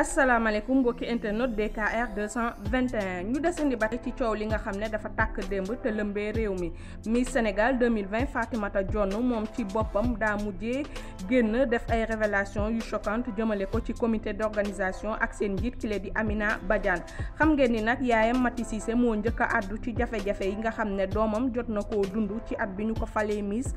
asalaamaaleykum mbokki internet DKR 221 ñu desandi ba ci coow li nga xam ne dafa tàkk démb te lëmbee réew mi Miss Sénégal 2020 Fatimata Dione moom ci boppam daa mujjee génn def ay révélation yu choquante jëmale ko ci comité d'organisation ak seen njiit ki la di Amina Badiane xam ngeen ni nag yaayam Mati Cissé moo njëkk addu ci jafe-jafe yi nga xam ne doomam jot na koo dund ci at bi ñu ko falee Miss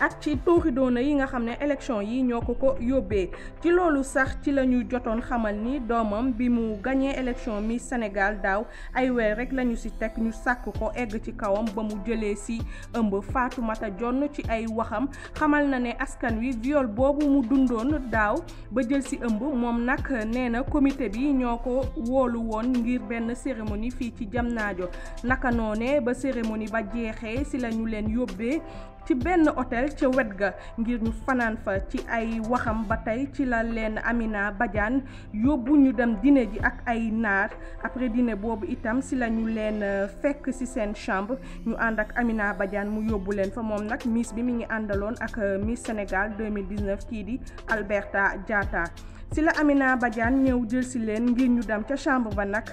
ak ci tuuxi doona yi nga xam ne élection yi ñoo ko ko yóbbee ci loolu sax ci la ñu jotoon xamal ni doomam bi mu gañee élection Miss Sénégal daaw ay weer rek lañu ci teg ñu sàkk ko egg ci kawam ba mu jëlee si ëmb Fatoumata jonn ci ay waxam xamal na ne askan wi viol boobu mu dundoon daaw ba jël si ëmb moom nag nee na comité bi ñoo ko woolu woon ngir benn cérémonie fii ci naajo naka noonee ba cérémonie ba jeexee ci lañu leen yóbbee ci benn hôtel ca wet ga ngir ñu fanaan fa ci ay waxam ba tey ci la leen Amina Badiane yóbbu ñu dem dîner ji ak ay naar après dîner boobu itam si lañu ñu leen euh, fekk si seen chambre ñu ànd ak Amina Badiane mu yóbbu leen fa moom nag Miss bi mi ngi àndaloon ak euh, Miss Sénégal 2019 kii di Alberta Diatta si la Amina Badiane ñëw jël si leen ngir ñu dem ca chambre ba nag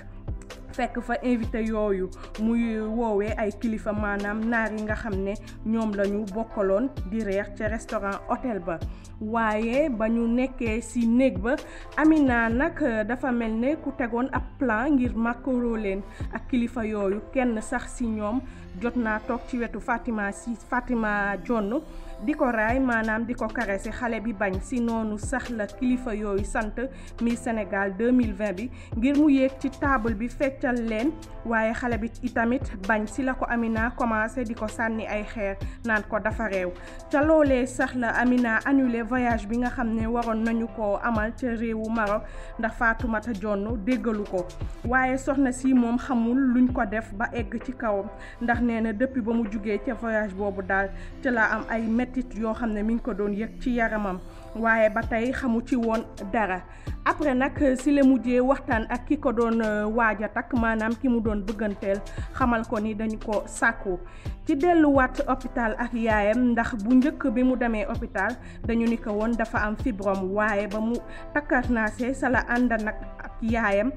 fekk fa invité yooyu muy woowee ay kilifa maanaam naar yi nga xam ne ñoom la ñu bokkaloon di reer ca restaurant hôtel ba waaye ba ñu nekkee si néeg ba Amina nag euh, dafa mel ne ku tegoon ab plan ngir màkkaroo leen ak kilifa yooyu kenn sax si ñoom jot na toog ci wetu Fatima si Fatima Jonn di ko raay maanaam di ko karese xale bi bañ si noonu sax la kilifa yooyu sant Miss Sénégal 2020 bi ngir mu yéeg ci table bi fekk xëccal leen waaye xale bi itamit bañ si la ko Amina commencé di ko sànni ay xeer naan ko dafa réew ca loole sax la Amina annulé voyage bi nga xam ne waroon nañu ko amal ca réewu Maroc ndax Fatoumata jonn déggalu ko waaye soxna si moom xamul luñ ko def ba egg ci kawam ndax nee na depuis ba mu jugee ca voyage boobu daal ca la am ay mettit yoo xam ne mi ngi ko doon yëg ci yaramam waaye ba tey xamu ci woon dara après nag si la mujjee waxtaan ak ki ko doon euh, waaja takk maanaam ki mu doon bëgganteel xamal ko ni dañu ko sàkku ci delluwaat hôpital ak yaayam ndax bu njëkk bi mu demee hôpital dañu ni ko woon dafa am fibrome waaye ba mu takkarnaase sa la ànd nag ak yaayam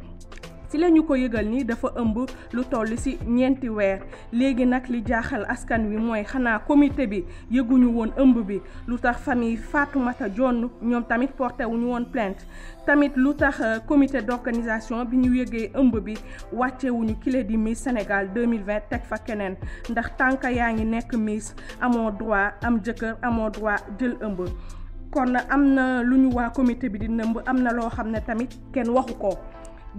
ci la ñu ko yëgal ni dafa ëmb lu toll si ñeenti weer léegi nag li jaaxal askan wi mooy xanaa comité bi yëguñu woon ëmb bi lu tax famille Fatoumata Dione ñoom tamit porté wuñu woon plainte tamit lu tax euh, comité d'organisation bi ñu yëgee ëmb bi wàccewuñu kile di Miss Sénégal 2020 teg fa keneen ndax tànk yaa ngi nekk Miss amoo droit am jëkkër amoo droit jël ëmb kon am na lu ñu waa comité bi di nëmb am na loo xam ne tamit kenn waxu ko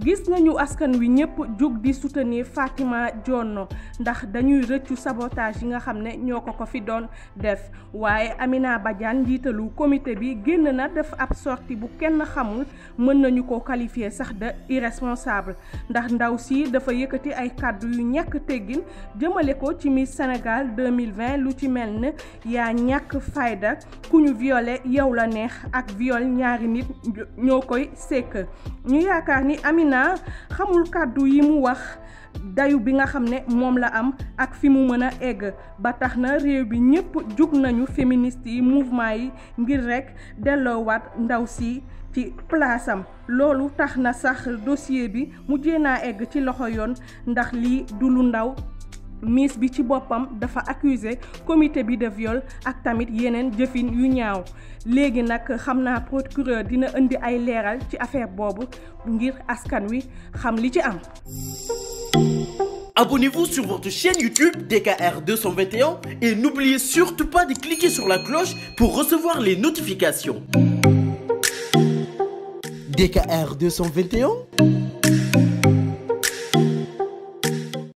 gis nañu askan wi ñëpp jug di soutenir Fatima Dione ndax dañuy rëccu sabotage yi nga xam ne ñoo ko ko fi doon def waaye Amina Badiane njiitalu comité bi génn na def ab sorti bu kenn xamul mën nañu ko qualifier sax de irresponsable ndax ndaw sii dafa yëkkati ay kàddu yu ñàkk teggin jëmale ko ci Miss Sénégal 2020 lu ci mel ne yaa ñàkk fayda ku ñu violé yow la neex ak viol ñaari nit ñoo koy sekk naa xamul kàddu yi mu wax dayu bi nga xam ne moom la am ak fi mu mën a egg ba tax na réew bi ñëpp jug nañu féministes yi mouvement yi ngir rekk delloowaat ndaw si ci place loolu tax na sax dossier bi mujjee naa egg ci loxo yoon ndax lii du lu ndaw miss bi ci boppam dafa accusé comité bi de viol ak tamit yeneen jëfin yu ñaaw léegi nag xam naa procureur dina indi ay leeral ci affaire boobu ngir askan wi xam li ci am. Abonnez-vous sur votre chaîne YouTube DKR et n'oubliez surtout pas de cliquer sur la cloche pour recevoir les notifications.